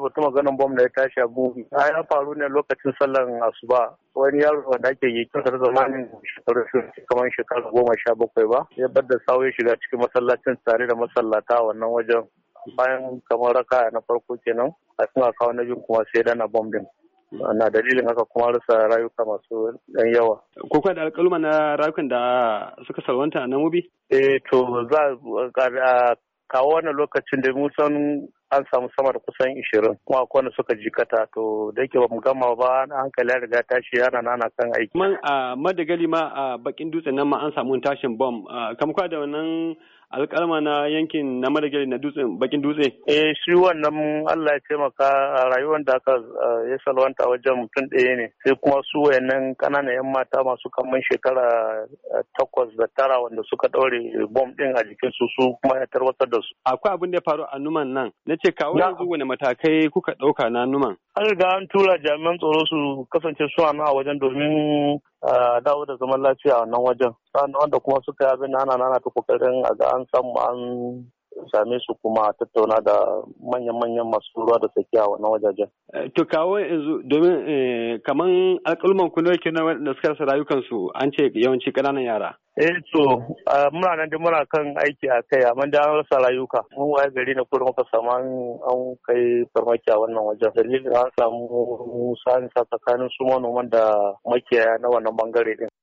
batun ganin bom da ya tashi a gungu a ya faru ne lokacin sallan asuba wani yaro wanda ake yi kasar zamanin shekaru kamar shekaru goma sha bakwai ba ya bar da sawo ya shiga cikin masallacin tare da masallata a wannan wajen bayan kamar raka na farko kenan a kuma kawo na biyu kuma sai dana bom din na dalilin haka kuma rasa rayuka masu dan yawa. Ko kuna da alƙaluma na rayukan da suka salwanta a mubi? Eh to za a kawo wannan lokacin da mun san an samu sama da kusan ishirin kuma akwai suka jikata to da yake ba mu gama ba na hankali ya riga tashi yana nana kan aiki. Man a madagali ma a bakin dutsen nan ma an samu tashin bom kamar da wannan alƙalma na yankin na madagali na dutsen bakin dutse eh shi wannan Allah ya taimaka a rayuwar da aka eh, ya salwanta wajen mutum ɗaya ne sai kuma su wayannan ƙananan yan mata masu kaman shekara eh, takwas da tara wanda suka ɗaure bom ɗin a jikin su su kuma ya tarwatsar da su akwai abin da ya faru a numan nan na ce kawo yanzu wani matakai kuka ɗauka na numan an riga an tura jami'an tsaro su kasance suna a wajen domin dawo da zaman lafiya a wannan wajen wanda kuma suka yi abin ana nana ta kokarin a ga an samu an same su kuma tattauna da manyan-manyan masu ruwa da tsakiya na wajajen. Eh, to kawo yanzu domin eh, kaman alƙalman ku ne kenan da suka rasa rayukansu an ce yawanci ƙananan yara. Eh to muna nan da muna kan aiki a kai amma da an rasa rayuka mun waye gari na kurma muka samu an kai farmaki a wannan wajen dalilin an samu musa tsakanin su manoman da makiyaya na wannan bangare din.